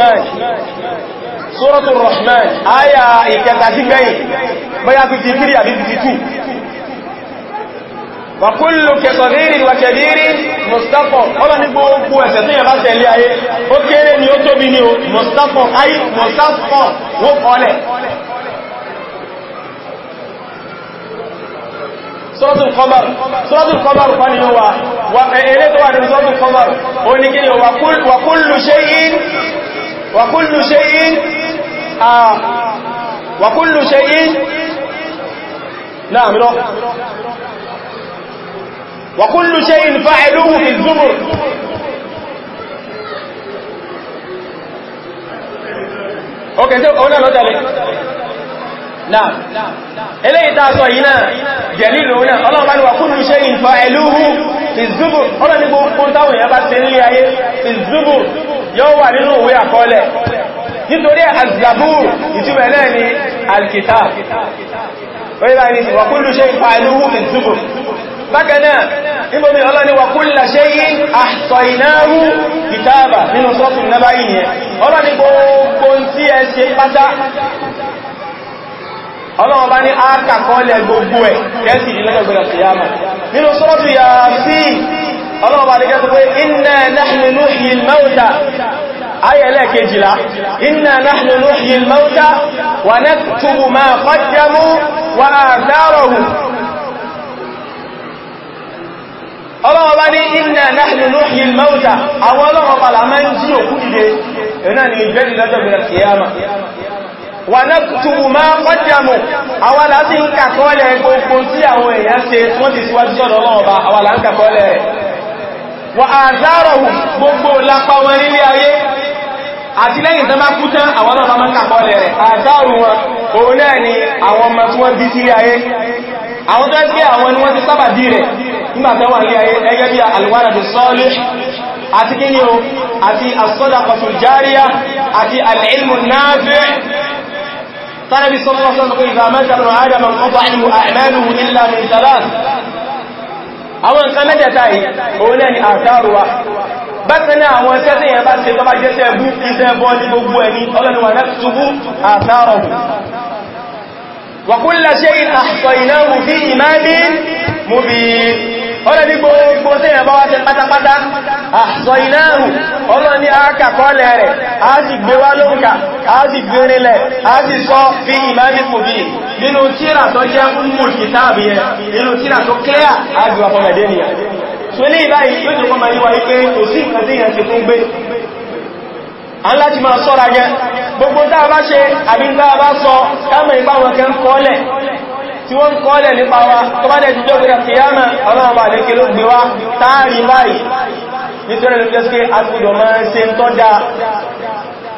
S2: pé sórọ́tù Rahman ayà ìkẹta sí gbẹ̀yìn bóyá 53 àbí 52 wa kullu kẹsọ̀dírí wa kẹdírí mustapha ọlọ́ ní gbogbo ẹ̀ṣẹ̀ tí yẹn bá tẹ̀lé ayé ó kéré ni ó tóbi ni ó mustapha ayé mustapha wó kọlẹ̀ sọ́tún kọmar sọ́tún kọmar fani وكل شيء آه وكل شيء نعم لا وكل شيء فعلوه في الزبر
S1: اوكي انت قلنا لو ذلك نعم إليه
S2: تاسو هنا جليل هنا الله قال وكل شيء فعلوه في الزبر قال نبقى قلتاوه يا بس في الزبر yóò wà nínú ìwé àkọọ́lẹ̀ nítorí az-zabur ìtumẹ̀ náà ni al-kitab orílẹ̀ ní wa kullu shay'in fa'aluhu fi zubur bákanáà níbomi ọlọ́ni wa kulla shay'in ahsaynahu kitaba nínú sọ́tún náà báyìí ni ọlọ́ni gbogbo tí ẹ ṣe pátá ọlọ́wọ́ bá ní ákàkọọ́lẹ̀ gbogbo ẹ̀ kẹ́sì ìlẹ́gbẹ̀rẹ̀ sí yáma nínú sọ́tún yà sí ọlọ́ọ̀bá ní kẹ́sù pé inna nahnu nuhyil mauta ayẹ̀lẹ́ kejìlá inna nahnu nuhyil mauta wa naktubu ma qaddamu wa atharahum
S1: ọlọ́ọ̀bá ní inna
S2: nahnu nuhyil mauta àwọn ọlọ́ọ̀bá la máa ń jí òkú dìde ẹ̀nà ni ìgbẹ́ni lọ́jọ́ bẹ̀rẹ̀ kìyàmà wà nákùtùwù máa pọ́jàmù àwàlá sí ń kàkọ́ọ̀lẹ̀ gbogbo tí àwọn èèyàn ṣe wà àzárọ̀hù gbogbo lápá wọn nílé ayé àti lẹ́yìn tán bá kú tán àwọn náà máa ń kàkọọ́lẹ̀ rẹ̀ àzárù wọn òun náà ni àwọn ọmọ tí wọ́n bí sí ayé
S1: àwọn tó ń pé àwọn ni wọ́n ti sábà bí rẹ̀ nígbàtán wà ní
S2: àwọn nǹkan mẹ́tẹ̀ẹ̀ta yìí òun náà ni àtàrùwà bákanáà àwọn iṣẹ́ tí yẹn bá ṣe tọ́bá jẹ́ tẹ́ bú iṣẹ́ bọ́ ní gbogbo ẹni ọlọ́nuwà rẹ̀ túbú àtàrọ̀bù wa kullu shay'in ahsaynahu ọ̀rẹ́ ní gbogbo tí ẹ̀bá wá tẹ pátápátá àṣọ ináàrù ọlọ́run ní àkàkọ́lẹ̀ rẹ̀ a sì gbé wá lóǹkà a sì gbé nílẹ̀ a sì sọ bí ìmájìkò bí nínú tíra tó jẹ́ mú kìtàbí ẹ̀ nínú tíra tó kílẹ̀ àjùwà fọmẹ̀dẹ́nìyàn aláti máa sọ́ra jẹ́ gbogbo táa bá ṣe àbí táa bá sọ káàmà ipá wọn kẹ́ ń kọ́ọ̀lẹ̀ tí wọ́n ń kọ́ọ̀lẹ̀ nípa wa tó bá dẹ̀jú jọ́ gbẹ̀rẹ̀ kìyàmà ọlọ́ọ̀bà lẹ́kẹ́ ló gbé wá táàrí báyìí nítorí ló jẹ́ sí agbùdọ̀ máa ṣe ń tọ́ dáa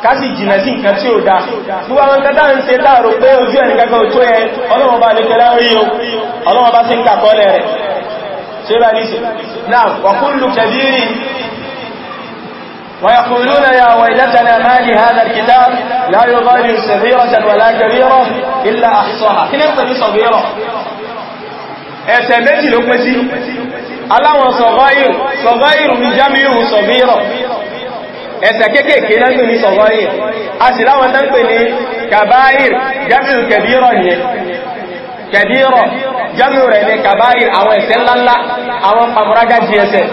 S2: kásì jìnà sí nǹkan tí ó dá gbogbo àwọn tẹ́ta ń ṣe láàrò pé ojú ẹni kankan tó ẹ ọlọ́wọ́ bá lè tẹ́lá rí o ọlọ́wọ́ bá sí ń ويقولون يا ويلتنا ما لهذا الكتاب لا يغادر صغيرة ولا كبيرة إلا أحصاها كنا نقول صغيرة ẹ̀sẹ̀ méjì ló صغير sí aláwọn sọ̀gọ́ìrù sọ̀gọ́ìrù ní jamiu sọ̀gọ́ìrù ẹ̀sẹ̀ kéèkéèké náà ń pè ní sọ̀gọ́ìrù a sì láwọn tán pè ní kàbáìr jamiu kẹbírọ̀ ní kẹbírọ̀ jamiu rẹ̀ ní kàbáìr àwọn ẹ̀sẹ̀ ńláńlá àwọn pàmúrágájì ẹ̀sẹ̀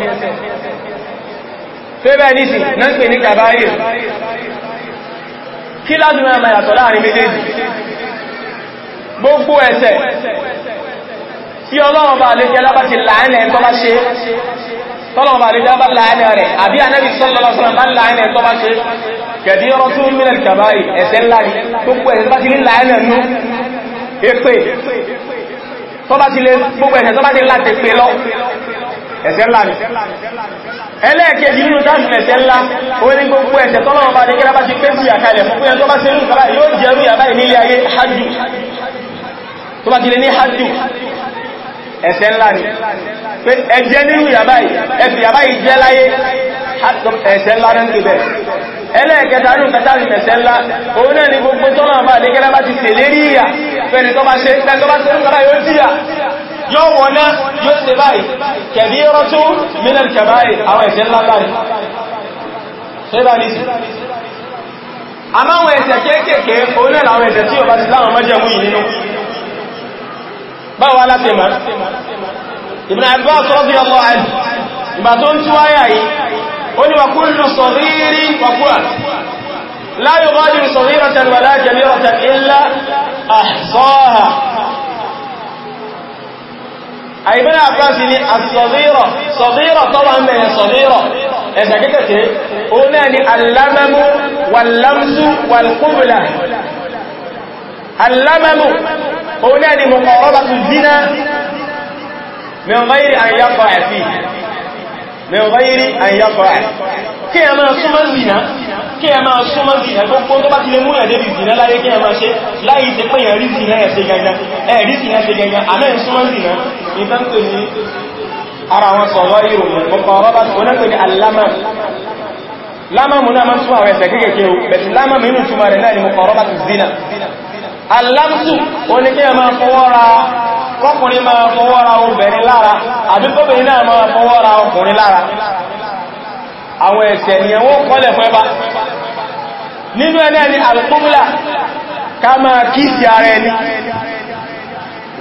S2: tẹ́bẹ̀ nísì náà pè ní kàbáyé kí ládùn ẹ̀mà yàtọ̀ láàrin méjèèjì gbogbo ẹ̀ṣẹ̀ tí ọlọ́run bá lè jẹ́lá bá ti láàrin ẹ̀tọ́ bá ṣe tọ́lọ́run bá lè jẹ́lá bá láàrin rẹ̀ àbí anẹ́bí sọ́lọ́lọ́sọ́lọ́ bá láàrin ẹ̀tọ́ ẹ̀ṣẹ̀ ńlá ni ẹlẹ́ẹ̀kejì nínú dáàbùn ẹ̀ṣẹ̀ ńlá orí ní gbogbo ẹ̀ṣẹ̀ tọ́lọ́wọ́ bá dé kírábá ti pé sí àkàlẹ̀ fún pínyàn tó bá serú kàbá yóò jẹrú yàbá ìnílé ayé hajjú tó bá tilẹ̀ ní hajjú ẹ̀ṣẹ̀ ńlá ni pé ẹjẹ́ nínú yàbá ẹ̀fì ní bẹ̀ ẹlẹ́ẹ̀kẹta nínú kẹta ní ẹ̀ṣẹ̀ ńlá òun náà ni gbogbo tọ́lọ́wọ́ bá dé yóò jìyà yóò wọ́ná yóò ṣe báyìí kẹ̀bí rọ́tú mílẹ̀ kẹbáyìí àwọn ẹ̀ṣẹ̀ ńláńláre
S1: àmáwọn ẹ̀ṣẹ̀ kéékèèké orílẹ̀ àwọn ẹ̀ṣẹ̀ tí ó bá ti láwọn mọ́jẹ̀mú yìí nínú
S2: báwọn aláti mọ̀ Ibn Abbas radiyallahu anhu ìgbà tó ń túwáyà yìí ó ní wàkúrù sọ̀rírí wàkúrù la yughadiru saghiratan wala kabiratan illa ahsaha àìbẹ́rẹ̀ àbáṣì ni àṣọ̀rírọ̀ sọ̀rírọ̀ tó wà mẹ́rin sọ̀rírọ̀ ẹ̀sẹ̀ kékèké ó náà ni alámẹ́mú wàlámsú wàlkúbùlà alámẹ́mú ó náà ni mọ̀kọ̀rọ̀bàtù zina mẹ́rin àyàfà ẹ̀fì mẹ́rin àyàfà ẹ̀ kí ẹ máa súnmọ́ zina kí ẹ máa súnmọ́ zina gbogbo tó bá ti lè mú ẹ̀dẹ́ bí zina láyé kí ẹ máa ṣe láyé ti pé ẹ̀rí zina ìtànkù ní ara wọn sọ̀rọ̀ ìrò mọ̀kànrọ́bá onákò ní alámà lámàmù náà máa súnmà rẹ̀ sẹ̀kẹ́kẹ́ o bẹ̀tì lámàmù inú túnmà rẹ̀ náà ni mọ̀kànrọ́bá ti zina alámsù oníkẹ́ máa fọwọ́ra kọkùnrin máa fọwọ́ra obìnrin lára àbíkọ́bìnrin náà máa fọwọ́ra ọkùnrin lára àwọn ẹ̀ṣẹ̀ ni ẹ̀wọ́n kọ́lẹ̀ ara ẹni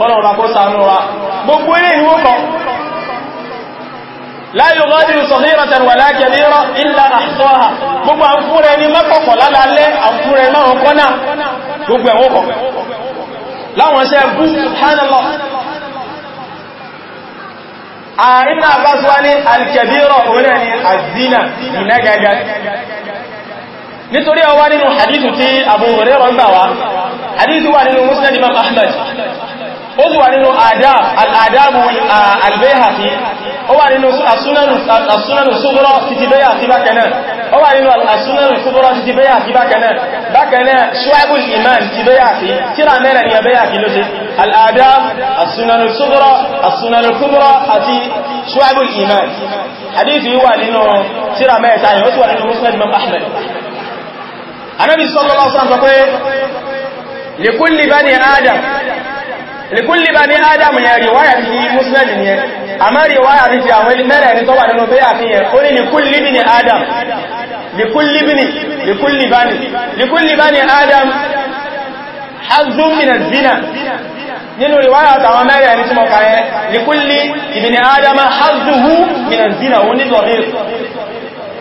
S2: kọ́lọ̀wọ̀n bá kó sànú wa gbogbo ilé ìwó kan láyé gọ́dìrì sọ̀hírọ̀tẹ̀ wà lákẹ̀lẹ́rọ̀ ilá àṣọ́ha
S1: gbogbo àǹfúrẹ́ ní mẹ́kọ̀kọ̀ lálálẹ́ àǹfúrẹ́ máa kọ́nà gbogbo ẹ̀wọ́
S2: kan láwọn ṣe bú subhanallah àrínà àbáṣúwá ní alkẹ̀bírọ̀ orí ẹni àzínà ìnẹ́gẹ́gẹ́ nítorí ọwá ó sì wà nínú adab al'adabu al-bayhaqi ó wà nínú asúnanù sóbọ́rọ̀ títí bẹ́yà sí bákanáà ó wà nínú asúnanù sóbọ́rọ̀ títí bẹ́yà sí bákanáà bákanáà ṣwábùl iman ti bẹ́yà sí tíra mẹ́rẹ̀ ni bẹ́yà sí ló ṣe al'adab asúnanù sóbọ́rọ̀ asúnanù kúbọ́rọ̀ àti ṣwábùl iman hadithi wà nínú tíra mẹ́ta yìí ó sì wà lìkúlì bá ní ádámù yẹn ríwáyà ti muslim yẹn àmá ríwáyà ti fi àwọn mẹ́rẹ̀ ní tọ́wà nínú bẹ́yà fi yẹn ó ní lìkúlì bí ní ádámù
S1: lìkúlì bí ní lìkúlì bá ní lìkúlì bá ní ádámù
S2: hazzun min az-zina nínú ríwáyà tàwọn mẹ́rẹ̀ ní tímọ̀ kàyẹ lìkúlì ibn ádámù hazzuhu min ó ní dọ̀rí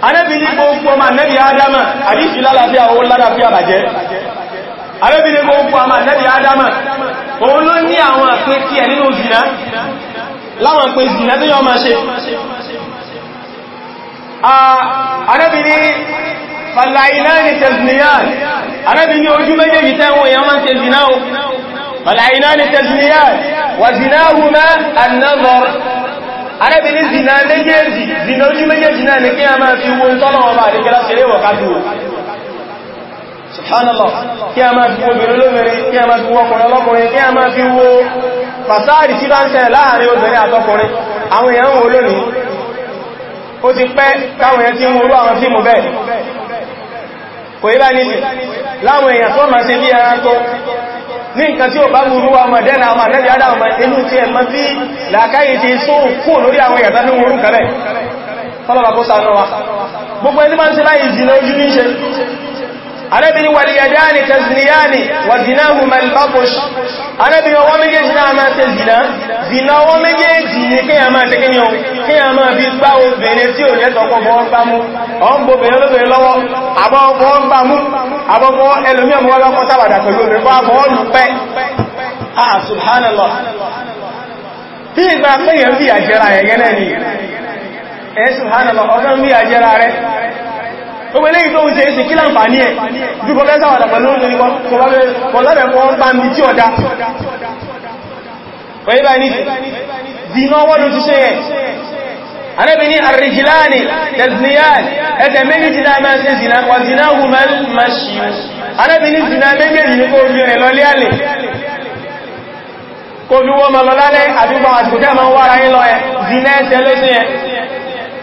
S2: anábìlì gbogbo ọmọ anẹ́bì ádámù àdíṣù lálàáfíà ó lálàáfíà bàjẹ́ arẹ́bìnrin gbogbo àmà lẹ́bì adama òun ló ní àwọn àpé tí ẹ̀ nínú zìnà láwọn àpé zìnà tó yọ ma ṣe arẹ́bìnrin fàlàìlá ní tẹ̀sìnìyàn arẹ́bìnrin ojú méjèèjì tẹ́wọ̀n èèyàn máa ń tẹ̀sìnà o fàlàìlá ní tẹ̀sìnìyàn wà zìnà hùmá annazor arẹ́bìnrin zìnà méjèèjì zìnà ojú méjèèjì náà subhanallah kí a máa fi wo obìnrin lóbìnrin a máa fi wo ọkùnrin a máa fi tí bá ń ṣẹlẹ̀ láàrin obìnrin àtọkùnrin àwọn èèyàn wò lónìí ó ti pẹ́ káwọn èèyàn ti ń worú àwọn fíìmù bẹ́ẹ̀ kò yí bá ní
S1: láwọn èèyàn tó máa ṣe bí ẹranko
S2: ní nǹkan tí ó bá wúrú àwọn arábìnrin wà lèyàdá ní tàzíníyà ní wà zina human zina zina ọwọ́ méjèèjì ní kí a máa eji kí a máa bí gbá obìnrin tí ò lẹ́tọ̀ọ́kọ́ bọ́ ń bá mú ọ̀n bóbìnrin lóbìnrin lọ́wọ́ àbọ́ọ̀kọ́ ń bá mú àbọ́ọ̀kọ́ ah subhanallah ni subhanallah ogun eléyìí tó ń ṣe èsì kí láǹfààní ẹ̀ ju kọ fẹ́ sáwàdà pẹ̀lú oúnjẹ nípa kọ lọ́bẹ̀ kọ bá mi tí ọ̀dá pẹ̀lú bá ní dínà wọ́dún ti ṣe ẹ̀ anẹ́bì ní àrìjìláàni tẹ̀sìníyàn ẹ̀tẹ̀ ti náà zina wà zina woman machine anẹ́bì ní zina méjèèjì ní kó rí rẹ̀ lọ
S1: lẹ́àlẹ̀
S3: kó bí wọ́n ma lọ zina ẹ̀tẹ̀ ló sí ẹ̀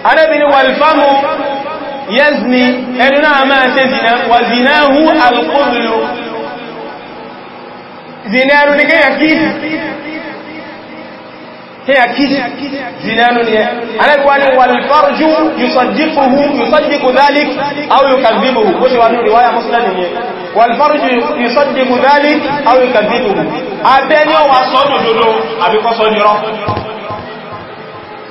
S3: anẹ́bì yẹ́zni
S2: ẹni náà máa ṣe zina wà zina hú alkọ́bìlò zina ẹnu ni kíyà kíìsì kíyà kíìsì zina ẹnu ni ẹ alẹ́gbà ni wà lùfọ́rùjú yùsọ̀díkùhù yùsọ̀díkù dálík áwùyù kàzíbù ó ṣe wà ní ìwáyà mọ́sílẹ̀ wàlfàrùjù yùsọ̀díkù dálík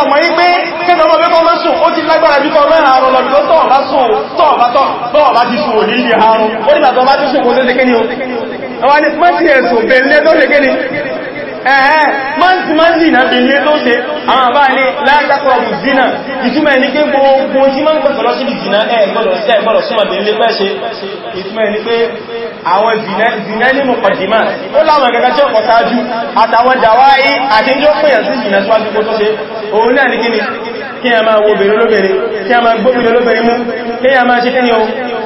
S2: ọmọ ipé kẹ́nà ọmọ pẹ́kọ́ mọ́ sùn ó ti lágbára bí kọ́ mẹ́rin àrùn lọ́dún tó tọ́ bá sùn tọ́ bá tọ́ bọ́ bá ti sùn òní ilé àrùn ó nígbàtọ́ bá ti sùn kò tẹ́ ẹ̀ẹ́ mọ́ntí náà bí ilé tó ṣe àwọn àbá ní látàkọ̀ ìzínà ìtumẹ̀ ní pé gbogbo tí mọ́ ń pẹ̀kọ̀ lọ sí ìzínà ẹ̀gbọ́lọ̀ súnmọ̀dé ilé pẹ́ ṣe ìtumẹ̀ ní pé àwọn ìzínà ní mọ̀kọ̀dìmá ó láwọn gẹ́gẹ́ tí ó pọ̀ sáájú àtàwọn jàwáyé àdíjọ́ pèyàn sí ìzínà síwájú kó tó ṣe òun náà ní kí ni kí a máa wo obìnrin olóbìnrin kí a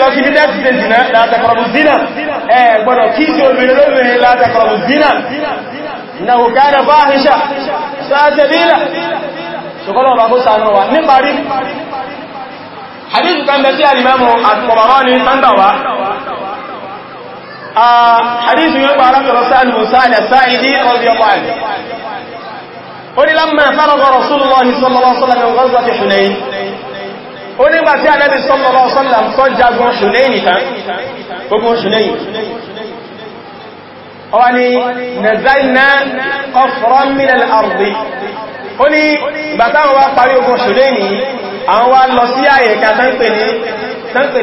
S1: lọ sí bí tẹ́sì ṣe zìnà
S2: látàkọrọ̀bù zìnà ẹ gbọ́dọ̀ kí sí obìnrin lóbìnrin látàkọrọ̀bù zìnà
S1: ìnáwó káàrẹ̀ bá àhíṣà sáàṣẹ́ bílà ṣùgbọ́n ọba kó sàánú wa níparí
S2: hadithu kan bẹ sí alìmẹ́mù àtùkọ̀mọ̀rán ní sángbàwá hadithu yóò bá ó nígbà tí Ànábì sallallahu alaihi wasallam tó jagun Hunayn nìkan
S1: gbogbo Hunayn
S2: ọwá ni nazalna qafran min al-ardi ó ní ìgbàtàwọn wá parí ogun Hunayn ní àwọn wá lọ sí ààyè kan tán pè ní tẹ́ǹpẹ̀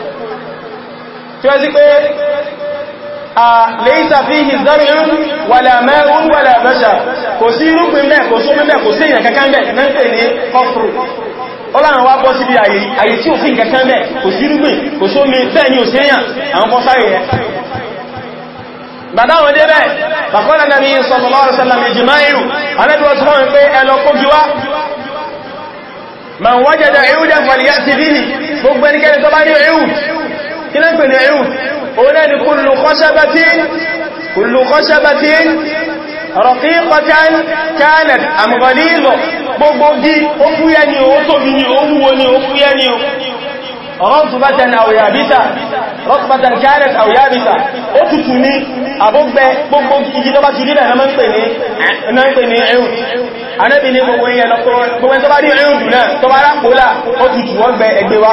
S2: ní tí ó sí pé a lẹ́ìsà fi ìzọ́rin wàlà mẹ́rún wàlà bẹ́ṣà kò sí irúgbìn mẹ́ kò sí mẹ́ kò sí èyàn kankan bẹ́ mẹ́fẹ́ ní kọfùrù ó láàrín wá bọ́ síbi àyè tí ò sí kankan bẹ́ kò sí irúgbìn kò sí omi bẹ́ẹ̀ ni ò sí èyàn àwọn kọ́ sáré rẹ̀
S3: gbàdáwọn dé bẹ́ẹ̀ bàkọ́lá nàbí sallallahu alaihi wasallam ìjìmáìrù alẹ́bíwọ́ tí wọ́n ń pé ẹlọ kójú wá man wajada ẹ̀hùdẹ̀
S2: fàlìyà ti bí ní gbogbo ẹnikẹ́ni tó bá ní kí lẹ́ pẹ̀lẹ̀ ẹ̀rù òun náà ni kullu khashabatin kullu khashabatin raqiqatan kanat am ghalidha gbogbo gí ó fúyẹ́ ni ó tóbi ni ó wúwo ni ó fúyẹ́ ni ó rọ́tùbátàn àwòyàbíta rọ́tùbátàn kánẹ̀t àwòyàbíta ó tutù ní àbúgbẹ́ gbogbo igi tó tó bá rí ẹ̀rùn dùn náà tó bá rápòlá ó tutù wọ́n gbẹ ẹgbẹ́ wa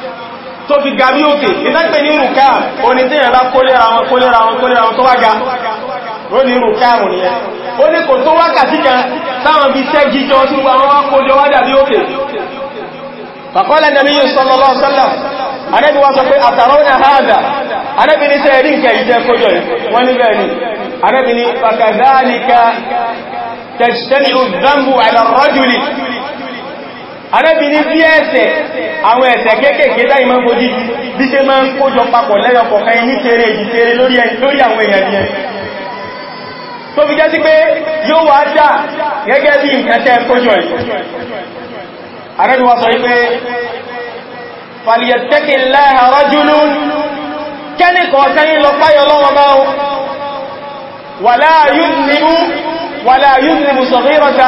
S2: tó fi ga bí òkè ìtàgbẹ̀ ní rùká oní tí ìyànlá kólẹ́ra wọn kólẹ́ra wọn kólẹ́ra wọn tó wá ga ó ní rùká mù ní ẹ ó ní kò tó wákàtí kan táwọn bí iṣẹ́ jíjọ tí wọ́n wá kójọ wá dàbí òkè fàkọ́lẹ̀ nàbí yóò sọ lọ́lọ́ sọ́lá anẹ́bí wá sọ arẹ́bìnrin bí ẹ̀ṣẹ̀ àwọn ẹ̀ṣẹ̀ kéékèèké láì máa fojú bí ṣe máa ń kójọ papọ̀ lẹ́yọkọ̀ kan ní tẹ́rẹ ìdíkẹrẹ lórí àwọn èèyàn yẹn tó fi jẹ́ sí pé yóò wá dá gẹ́gẹ́ bí nǹkan tẹ́ kójọ yìí arẹ́bìnrin wá sọ wípé fàlìyàtẹ́kì wàlá yúnnìmú sọ̀rírọ̀ta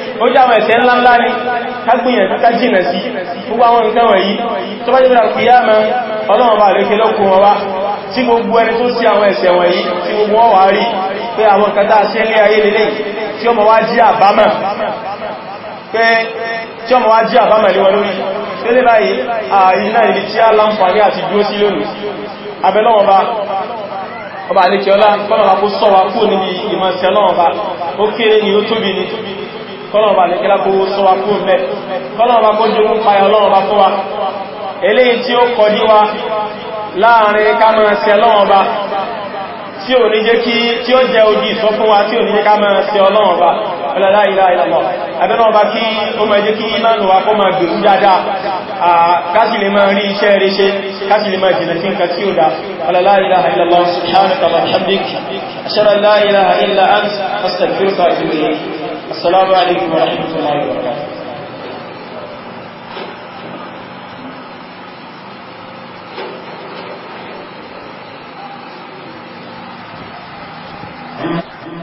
S2: ó jẹ́ àwọn ẹ̀ṣẹ̀ ńláńlá ní kágbìyànjú ká jìnà sí gbogbo àwọn nǹkan wọ̀nyí tó bá jẹ́ bẹ̀rẹ̀ kìyà mọ́ ọlọ́wọ̀n bá lè kẹlọ́kùn wọn wá tí gbogbo ẹni tó sí àwọn ẹ̀ṣẹ̀ wọ̀nyí tí gbogbo wọn wà ọba àlékiọlá kọ́nà àkó sọ́wà kú níbi ìmọ̀ sí ó kéré ni ó tóbi ni kọ́lọ̀ọ̀bà lè kílá kó sọ wa fún mẹ́ kọ́lọ̀ọ̀bà kó jẹ́ ń pa ọlọ́ọ̀bà fún wa eléyìí tí ó kọjú wa láàrin ká máa ṣe ọlọ́ọ̀bà tí ò ní jẹ́ kí tí ó jẹ́ ojú ìsọ fún wa tí ò ní jẹ́ ká máa ṣe ọlọ́ọ̀bà la ilaha illallah àbẹ́nàọba kí ó máa jẹ́ kí ìmánu wa kó máa gbèrú dáadáa káàkì lè máa rí iṣẹ́ rẹ̀ ṣe káàkì lè máa jìnà sí nǹkan tí ó dá la ilaha illallah
S1: Assalamu alaikum wa rahmatullahi wa barakatuh